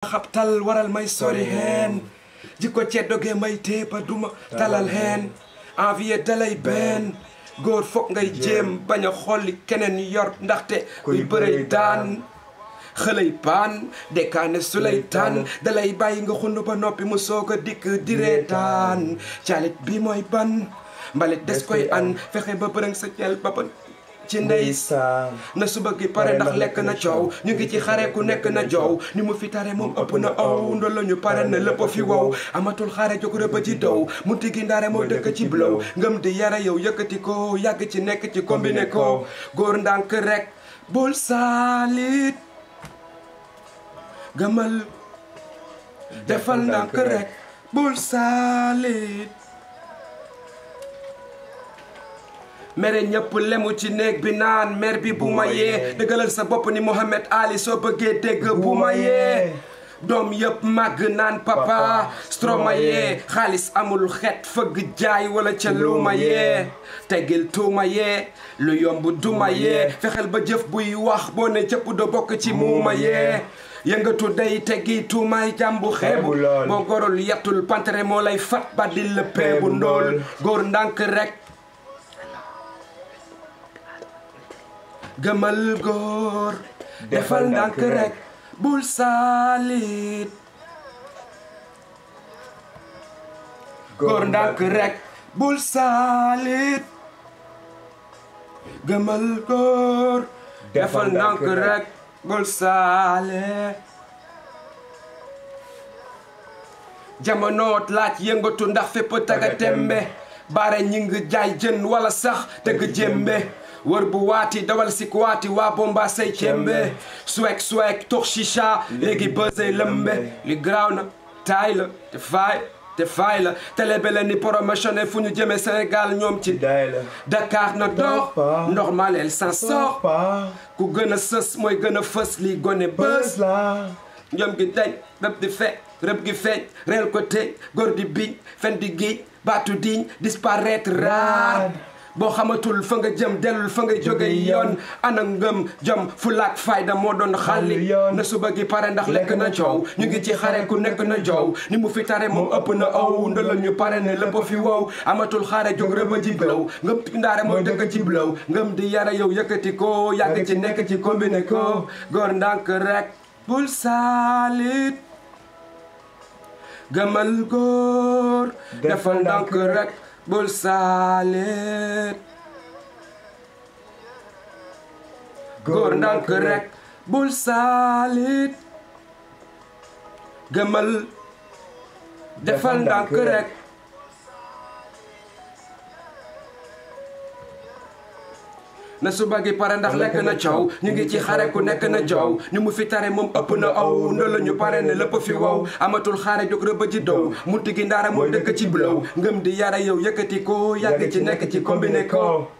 xabtal waral may sori heen jikko ceddoge may teepa duma talal heen envie dalay benn góor foog ngay jéem bañ xolli keneen yor ndaxte kuy bërëy daan xëlay paan dekkaane sulay taan dalay bàyyi nga xund ba noppi mu soog a dikk di reetaan caalit bi mooy ban mbalit des koy an fexe ba bërëng sa ceel ba ban ci ndey na suba gi pare ndax lekk na coow ñu ngi ci xare ku nekk na joow ni mu fi tare moom ëpp na ow ndo la ñu pare na lépp fi wow amatul xare jóg ba ci dow mu tigi ndaare moo dëkk ci blow ngëm di yara yow yëkkati ko yàgg ci nekk ci combiné ko góor ndànk rek bul saalit gëmal defal ndànk rek bul saalit mere ñëpp lemu ci néeg bi naan mer bi bu ma yee dëggalal sa bopp ni Mohamed Ali soo bëggee dégg bu ma yee doom yëpp màgg naan papa stroma yee xaalis amul xet fëgg jaay wala ca luuma yee tegil tuuma yee lu yomb duma yee fexeel ba jëf buy wax boo ne jëpp do bokk ci muuma yee yëngatu day teggi tuumaay jàmbu xeebu boo gorul yettul pantere moo lay fat ba di lëppee bu ndool góor ndànk rek gëmal góor defal ndànk rek bul saalit góor ndànk rek bul saalit gëmal góor defal ndànk rek bul saale jamonoot laaj yëngatu ndax fépp taga bare ñi jaay jën wala sax dëgg jémbe wër bu waati dawal si kuwaati waa bomba say cembe suwek suwek tox chicha léegi bësey lëmbe li graaw na taay la te faay te faay la télé la ni promotionné fu ñu jëmee Sénégal ñoom ci daay la Dakar na dox normal elle s'en sort ku gën a sës mooy gën a fës li gone bës la ñoom gi daj bépp di fekk rëb gi feeñ réel côté góor di biñ fen di géej baatu diñ disparaître rare boo xamatul fa nga jëm dellul fa nga jóge yoon ana ngëm jom fu laak fayda moo doon xalli na suba gi pare ndax lekk na coow ñu ngi ci xare ku nekk na joow ni mu fi tare moom ëpp na aw ndala ñu pare ne lépp fi wow amatul xare jóg rëba ji blow ngëm ndaare mooy dëkk ci blow ngëm di yara yow yëkkati ko yàgg ci nekk ci combine ko góor ndànk rek bul saalit gëmal góor defal ndànk rek bul saalit góor ndànk rek bul saalit gëmal defal ndànk rek na suba gi pare ndax lekk na coow ñu ngi ci xare ku nekk na joow ñu mu fi tare moom ëpp na aw nda la ñu pare ne lépp fi wow amatul xaare jóg rëba ji dow munti gi ndaara mooy dëkk ci blow ngëm di yara yow yëkkati ko yàgg ci nekk ci combiné ko